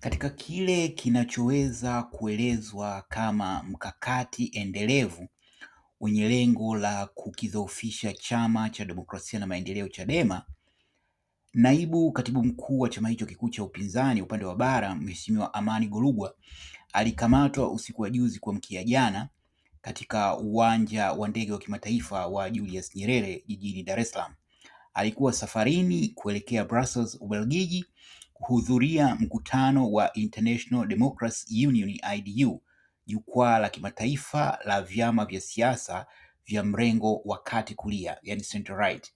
Katika kile kinachoweza kuelezwa kama mkakati endelevu wenye lengo la kukidhoofisha Chama cha Demokrasia na Maendeleo Chadema, naibu katibu mkuu wa chama hicho kikuu cha upinzani upande wa bara, Mheshimiwa Amani Golugwa alikamatwa usiku wa juzi kuamkia jana katika uwanja wa ndege wa kimataifa wa Julius Nyerere jijini Dar es Salaam. Alikuwa safarini kuelekea Brussels, Ubelgiji kuhudhuria mkutano wa International Democracy Union IDU, jukwaa la kimataifa la vyama vya siasa vya mrengo wa kati kulia, yani center right,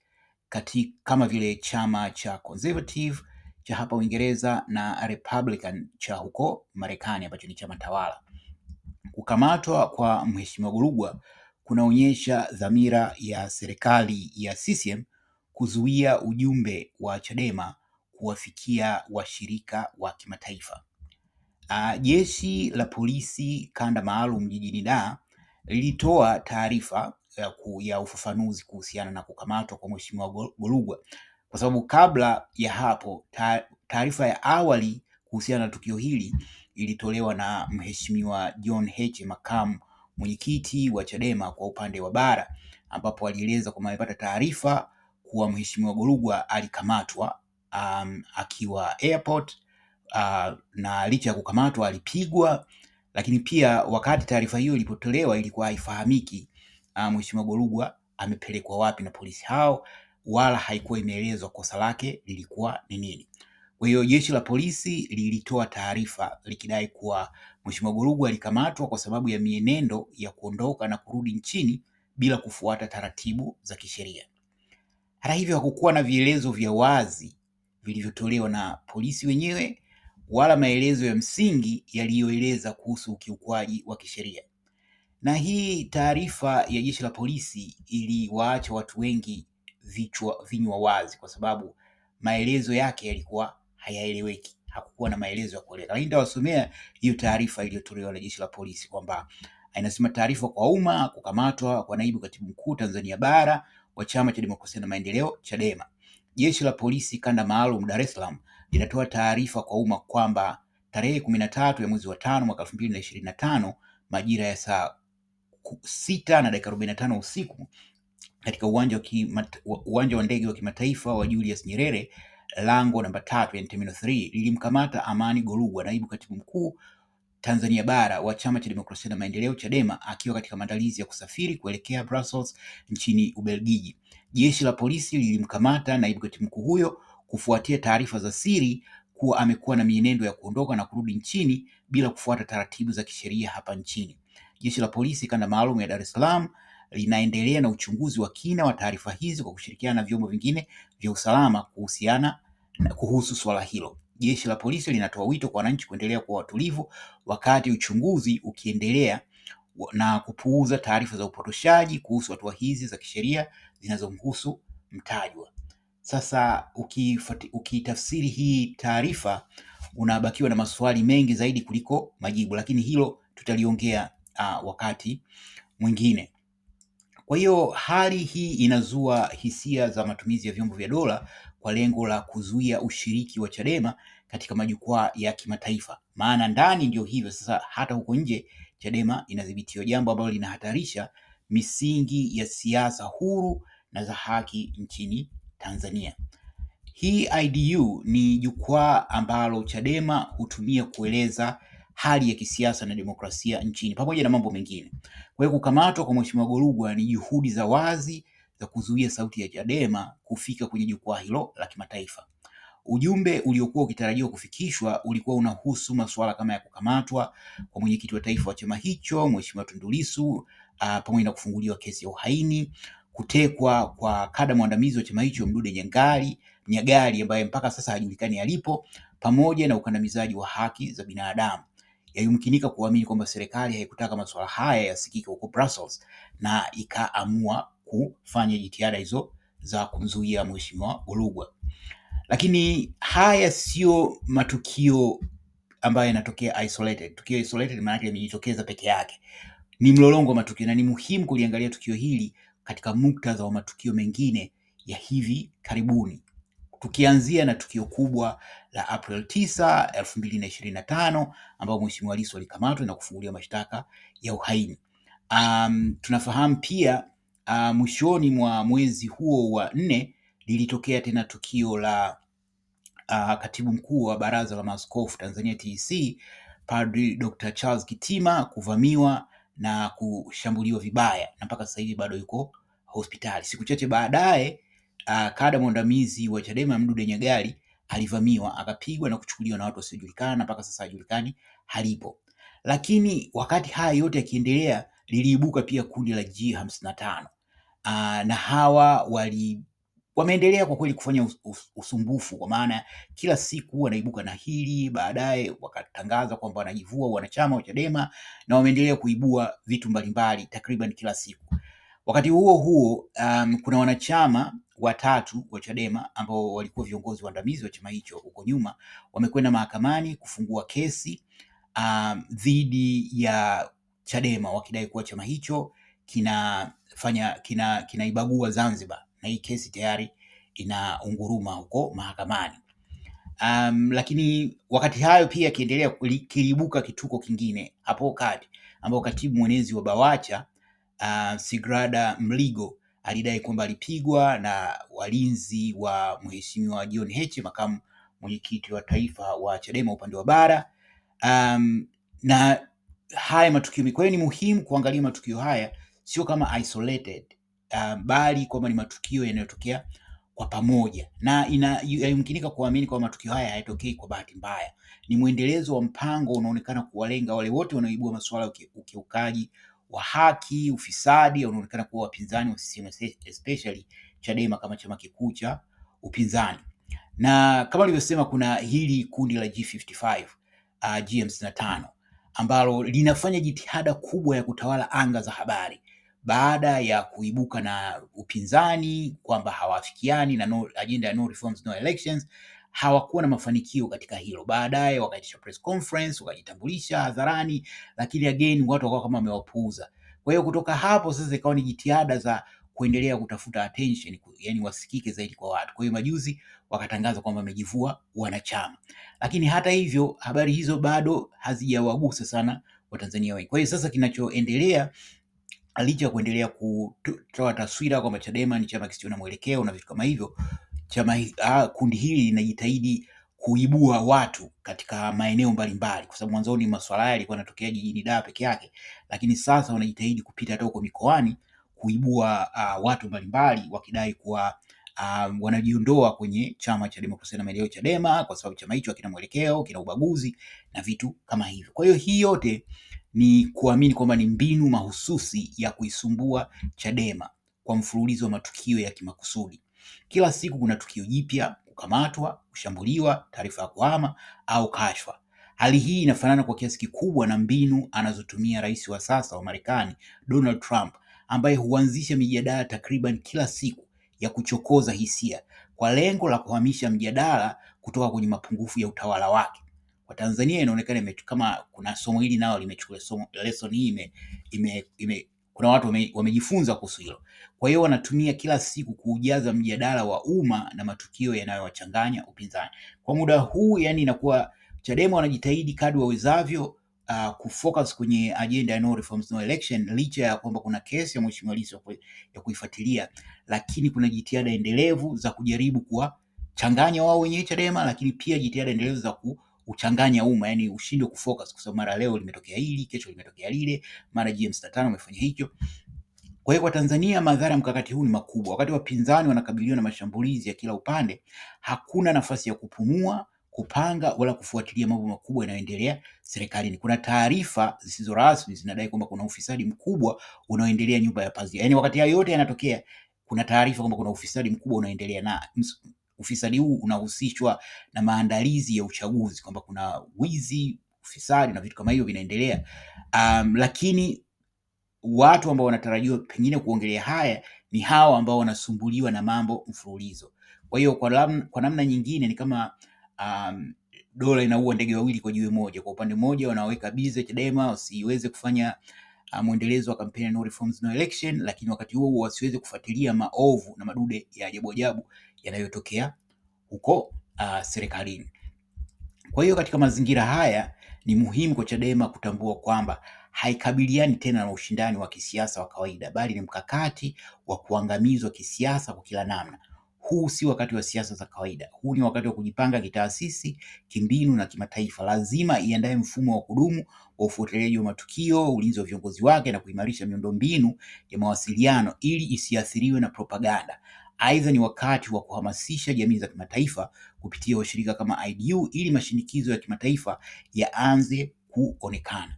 kati kama vile chama cha Conservative cha hapa Uingereza na Republican cha huko Marekani ambacho ni chama tawala. Kukamatwa kwa Mheshimiwa gurugwa kunaonyesha dhamira ya serikali ya CCM kuzuia ujumbe wa Chadema kuwafikia washirika wa kimataifa. Uh, jeshi la polisi kanda maalum jijini Dar lilitoa taarifa ya, ya ufafanuzi kuhusiana na kukamatwa kwa Mheshimiwa Golugwa kwa sababu kabla ya hapo taarifa ya awali kuhusiana na tukio hili ilitolewa na Mheshimiwa John Heche, makamu mwenyekiti wa Chadema kwa upande wa bara, ambapo alieleza kwamba amepata taarifa kuwa Mheshimiwa Golugwa alikamatwa um, akiwa airport uh, na licha ya kukamatwa alipigwa, lakini pia wakati taarifa hiyo ilipotolewa ilikuwa haifahamiki uh, Mheshimiwa Golugwa amepelekwa wapi na polisi hao, wala haikuwa imeelezwa kosa lake lilikuwa ni nini. Kwa hiyo jeshi la polisi lilitoa taarifa likidai kuwa Mheshimiwa Golugwa alikamatwa kwa sababu ya mienendo ya kuondoka na kurudi nchini bila kufuata taratibu za kisheria. Hata hivyo, hakukuwa na vielezo vya wazi vilivyotolewa na polisi wenyewe wala maelezo ya msingi yaliyoeleza kuhusu ukiukwaji wa kisheria. Na hii taarifa ya jeshi la polisi iliwaacha watu wengi vichwa vinywa wazi, kwa sababu maelezo yake yalikuwa hayaeleweki. Hakukuwa na maelezo ya kueleweka, lakini nitawasomea hiyo taarifa iliyotolewa na jeshi la polisi kwamba inasema: taarifa kwa umma, kukamatwa kwa naibu katibu mkuu Tanzania bara wa Chama cha Demokrasia na Maendeleo, Chadema Jeshi la Polisi Kanda Maalum Dar es Salaam linatoa taarifa kwa umma kwamba tarehe kumi na tatu ya mwezi wa tano mwaka elfu mbili na ishirini na tano majira ya saa sita na dakika arobaini na tano usiku katika uwanja wa, uwanja wa ndege wa kimataifa wa Julius Nyerere lango namba tatu yani terminal 3 lilimkamata Amani Golugwa, naibu katibu mkuu Tanzania bara wa chama cha demokrasia na maendeleo Chadema, akiwa katika maandalizi ya kusafiri kuelekea Brussels nchini Ubelgiji. Jeshi la polisi lilimkamata naibu katibu mkuu huyo kufuatia taarifa za siri kuwa amekuwa na mienendo ya kuondoka na kurudi nchini bila kufuata taratibu za kisheria hapa nchini. Jeshi la polisi kanda maalum ya Dar es Salaam linaendelea na uchunguzi wa kina wa taarifa hizi kwa kushirikiana na vyombo vingine vya usalama kuhusiana na kuhusu swala hilo. Jeshi la polisi linatoa wito kwa wananchi kuendelea kuwa watulivu wakati uchunguzi ukiendelea na kupuuza taarifa za upotoshaji kuhusu hatua hizi za kisheria zinazomhusu mtajwa. Sasa ukitafsiri hii taarifa unabakiwa na maswali mengi zaidi kuliko majibu, lakini hilo tutaliongea uh, wakati mwingine. Kwa hiyo hali hii inazua hisia za matumizi ya vyombo vya dola kwa lengo la kuzuia ushiriki wa Chadema katika majukwaa ya kimataifa. Maana ndani ndio hivyo sasa, hata huko nje Chadema inadhibitiwa jambo ambalo linahatarisha misingi ya siasa huru na za haki nchini Tanzania. Hii IDU ni jukwaa ambalo Chadema hutumia kueleza hali ya kisiasa na demokrasia nchini pamoja na mambo mengine. Kwa hiyo kukamatwa kwa Mheshimiwa Golugwa ni juhudi za wazi za kuzuia sauti ya Chadema kufika kwenye jukwaa hilo la kimataifa. Ujumbe uliokuwa ukitarajiwa kufikishwa ulikuwa unahusu masuala kama ya kukamatwa kwa mwenyekiti wa taifa wa chama hicho Mheshimiwa Tundu Lissu ah, pamoja na kufunguliwa kesi ya uhaini, kutekwa kwa kada mwandamizi wa chama hicho Mdude Nyangali Nyagali ambaye mpaka sasa hajulikani alipo, pamoja na ukandamizaji wa haki za binadamu. Yayumkinika kuamini kwamba serikali haikutaka masuala haya yasikike huko Brussels, na ikaamua kufanya jitihada hizo za kumzuia Mheshimiwa urugwa lakini haya sio matukio ambayo yanatokea isolated. Tukio isolated maana yake peke yake, ni mlolongo wa matukio, na ni muhimu kuliangalia tukio hili katika muktadha wa matukio mengine ya hivi karibuni, tukianzia na tukio kubwa la April 9, 2025 ambapo Mheshimiwa Lissu alikamatwa na kufunguliwa mashtaka ya uhaini. Um, tunafahamu pia uh, mwishoni mwa mwezi huo wa nne lilitokea tena tukio la uh, katibu mkuu wa Baraza la Maaskofu Tanzania TEC Padri Dr. Charles Kitima kuvamiwa na kushambuliwa vibaya na mpaka sasa hivi bado yuko hospitali. Siku chache baadaye uh, kada mwandamizi wa Chadema Mdude Nyagali alivamiwa akapigwa na kuchukuliwa na watu wasiojulikana na mpaka sasa hajulikani halipo. Lakini wakati haya yote yakiendelea, liliibuka pia kundi la G 55 na tano ah, na hawa wali wameendelea kwa kweli kufanya us, us, usumbufu kwa maana kila siku wanaibuka na hili baadaye wakatangaza kwamba wanajivua wanachama wa Chadema na wameendelea kuibua vitu mbalimbali takriban kila siku. Wakati huo huo, um, kuna wanachama watatu wa Chadema ambao walikuwa viongozi waandamizi wa chama hicho huko nyuma wamekwenda mahakamani kufungua kesi um, dhidi ya Chadema wakidai kuwa chama hicho kinafanya kinaibagua kina Zanzibar na hii kesi tayari inaunguruma huko mahakamani. Um, lakini wakati hayo pia akiendelea kiliibuka kituko kingine hapo kati ambao katibu mwenezi wa Bawacha uh, Sigrada Mligo alidai kwamba alipigwa na walinzi wa Mheshimiwa John Heche, makamu mwenyekiti wa taifa wa Chadema upande wa bara. Um, na haya matukio, kwa ni muhimu kuangalia matukio haya sio kama isolated uh, bali kwamba ni matukio yanayotokea kwa pamoja na inayumkinika kuamini kwamba matukio haya hayatokei kwa bahati mbaya. Ni mwendelezo wa mpango unaonekana kuwalenga wale wote wanaoibua masuala ya ukiukaji wa haki, ufisadi, unaonekana kuwa wapinzani wa CCM especially Chadema kama chama kikuu cha upinzani. Na kama nilivyosema, kuna hili kundi la G55, uh, G55 ambalo linafanya jitihada kubwa ya kutawala anga za habari baada ya kuibuka na upinzani kwamba hawafikiani na no, ajenda ya no reforms no elections, hawakuwa na mafanikio katika hilo. Baadaye wakaitisha press conference, wakajitambulisha hadharani, lakini again watu wakawa kama wamewapuuza. Kwa hiyo kutoka hapo sasa ikawa ni jitihada za kuendelea kutafuta attention, yani wasikike zaidi kwa watu. Kwa hiyo majuzi wakatangaza kwamba wamejivua wanachama, lakini hata hivyo habari hizo bado hazijawagusa sana Watanzania wengi. Kwa hiyo sasa kinachoendelea licha ya kuendelea kutoa taswira kwamba Chadema ni chama kisicho na mwelekeo na vitu kama hivyo, chama ah, kundi hili linajitahidi kuibua watu katika maeneo mbalimbali, kwa sababu mwanzoni masuala haya yalikuwa yanatokea jijini Dar peke yake, lakini sasa wanajitahidi kupita hata huko mikoani kuibua uh, watu mbalimbali wakidai kuwa uh, wanajiondoa kwenye chama cha demokrasia na maendeleo Chadema, kwa sababu chama hicho hakina mwelekeo, kina ubaguzi na vitu kama hivyo. Kwa hiyo hii yote ni kuamini kwamba ni mbinu mahususi ya kuisumbua Chadema kwa mfululizo wa matukio ya kimakusudi. Kila siku kuna tukio jipya: kukamatwa, kushambuliwa, taarifa ya kuhama au kashfa. Hali hii inafanana kwa kiasi kikubwa na mbinu anazotumia rais wa sasa wa Marekani, Donald Trump, ambaye huanzisha mijadala takriban kila siku ya kuchokoza hisia kwa lengo la kuhamisha mjadala kutoka kwenye mapungufu ya utawala wake kwa Tanzania inaonekana kama kuna somo hili nao limechukua somo lesson hii ime, ime, ime, kuna watu wame, wamejifunza kuhusu hilo. Kwa hiyo wanatumia kila siku kuujaza mjadala wa umma na matukio yanayowachanganya upinzani. Kwa muda huu, yani inakuwa Chadema wanajitahidi kadri wawezavyo uh, kufocus kwenye agenda ya no reforms no election, licha ya kwamba kuna kesi ya Mheshimiwa Lissu ya kuifuatilia, lakini kuna jitihada endelevu za kujaribu kuwachanganya wao wenyewe Chadema, lakini pia jitihada endelevu za ku uchanganya umma, yani ushindwe kufocus, kwa sababu mara leo limetokea hili, kesho limetokea lile, mara GM65 amefanya hicho. Kwa hiyo kwa Tanzania madhara ya mkakati huu ni makubwa. Wakati wapinzani wanakabiliwa na mashambulizi ya kila upande, hakuna nafasi ya kupumua, kupanga wala kufuatilia mambo makubwa yanayoendelea serikalini. Kuna taarifa zisizo rasmi zinadai kwamba kuna ufisadi mkubwa unaoendelea nyumba ya pazia, yaani wakati hayo yote yanatokea, kuna taarifa kwamba kuna ufisadi mkubwa unaoendelea na ufisadi huu unahusishwa na maandalizi ya uchaguzi, kwamba kuna wizi, ufisadi na vitu kama hivyo vinaendelea. Um, lakini watu ambao wanatarajiwa pengine kuongelea haya ni hawa ambao wanasumbuliwa na mambo mfululizo. Kwa hiyo kwa, kwa namna nyingine ni kama um, dola inaua ndege wawili kwa jiwe moja. Kwa upande mmoja wanaweka bize Chadema wasiweze kufanya uh, mwendelezo wa kampeni no reforms no election, lakini wakati huo wasiweze kufuatilia maovu na madude ya ajabu ajabu yanayotokea huko uh, serikalini. Kwa hiyo katika mazingira haya ni muhimu kwa Chadema kutambua kwamba haikabiliani tena na ushindani wa kisiasa wa kawaida, bali ni mkakati wa kuangamizwa kisiasa kwa kila namna. Huu si wakati wa siasa za kawaida. Huu ni wakati wa kujipanga kitaasisi, kimbinu na kimataifa. Lazima iandae mfumo wa kudumu wa ufuatiliaji wa matukio, ulinzi wa viongozi wake na kuimarisha miundombinu ya mawasiliano ili isiathiriwe na propaganda Aidha, ni wakati wa kuhamasisha jamii za kimataifa kupitia washirika kama IDU ili mashinikizo ya kimataifa yaanze kuonekana.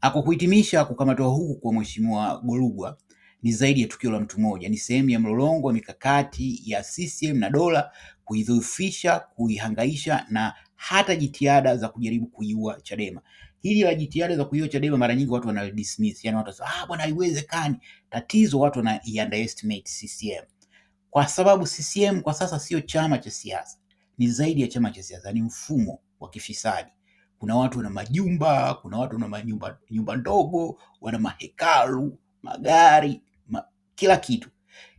Ah, kwa kuhitimisha, kukamatwa huku kwa Mheshimiwa Golugwa ni zaidi ya tukio la mtu mmoja, ni sehemu ya mlolongo wa mikakati ya CCM na dola kuidhoofisha, kuihangaisha na hata jitihada za kujaribu kuiua Chadema. Hili la jitihada za kuiua Chadema mara nyingi watu wanalidismiss, yani watu wanasema ah, bwana haiwezekani. Tatizo watu wana underestimate CCM kwa sababu CCM kwa sasa sio chama cha siasa, ni zaidi ya chama cha siasa, ni mfumo wa kifisadi. Kuna watu wana majumba, kuna watu wana manyumba, nyumba ndogo, wana mahekalu, magari, ma, kila kitu.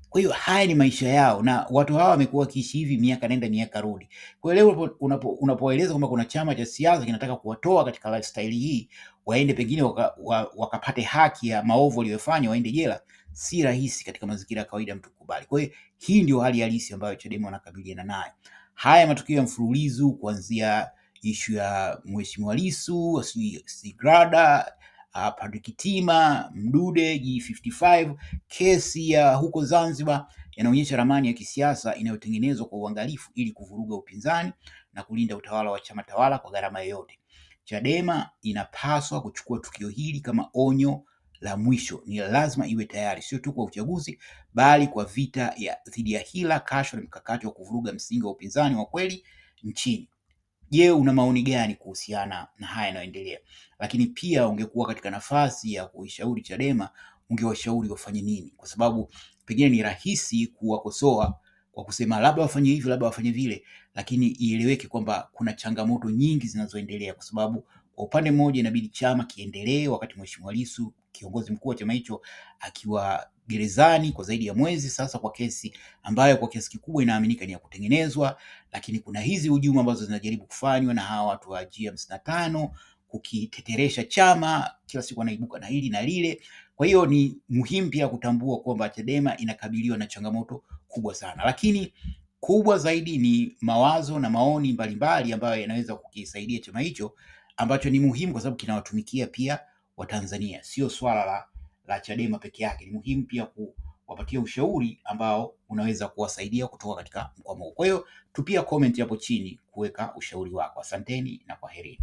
Kwa hiyo haya ni maisha yao, na watu hawa wamekuwa wakiishi hivi miaka nenda miaka rudi. Kwa hiyo leo unapoeleza kwamba kuna chama cha siasa kinataka kuwatoa katika lifestyle hii, waende pengine wakapate waka haki ya maovu waliyofanya, waende jela, si rahisi katika mazingira ya kawaida mtu kukubali. Kwa hiyo hii ndio hali halisi ambayo Chadema wanakabiliana nayo. Haya matukio ya mfululizo kuanzia ishu ya Mheshimiwa Lissu, Sigrada, uh, Padri Kitima, Mdude, G55, kesi ya huko Zanzibar yanaonyesha ramani ya kisiasa inayotengenezwa kwa uangalifu ili kuvuruga upinzani na kulinda utawala wa chama tawala kwa gharama yoyote. Chadema inapaswa kuchukua tukio hili kama onyo la mwisho ni lazima iwe tayari sio tu kwa uchaguzi bali kwa vita ya dhidi ya hila, kashfa na mkakati wa kuvuruga msingi wa upinzani wa kweli nchini. Je, una maoni gani kuhusiana na haya yanayoendelea? Lakini pia ungekuwa katika nafasi ya kuishauri Chadema, ungewashauri wafanye nini? Kwa sababu pengine ni rahisi kuwakosoa kwa kusema labda wafanye hivi, labda wafanye vile, lakini ieleweke kwamba kuna changamoto nyingi zinazoendelea, kwa sababu kwa upande mmoja inabidi chama kiendelee wakati Mheshimiwa Lissu kiongozi mkuu wa chama hicho akiwa gerezani kwa zaidi ya mwezi sasa kwa kesi ambayo kwa kiasi kikubwa inaaminika ni ya kutengenezwa, lakini kuna hizi hujuma ambazo zinajaribu kufanywa na hawa watu wa G55 kukiteteresha chama, kila siku anaibuka na hili na lile. Kwa hiyo ni muhimu pia kutambua kwamba Chadema inakabiliwa na changamoto kubwa sana, lakini kubwa zaidi ni mawazo na maoni mbalimbali ambayo yanaweza kukisaidia chama hicho ambacho ni muhimu kwa sababu kinawatumikia pia wa Tanzania, sio swala la, la Chadema peke yake. Ni muhimu pia kuwapatia ushauri ambao unaweza kuwasaidia kutoka katika mkwamo huu. Kwa hiyo tupia comment hapo chini kuweka ushauri wako. Asanteni na kwaherini.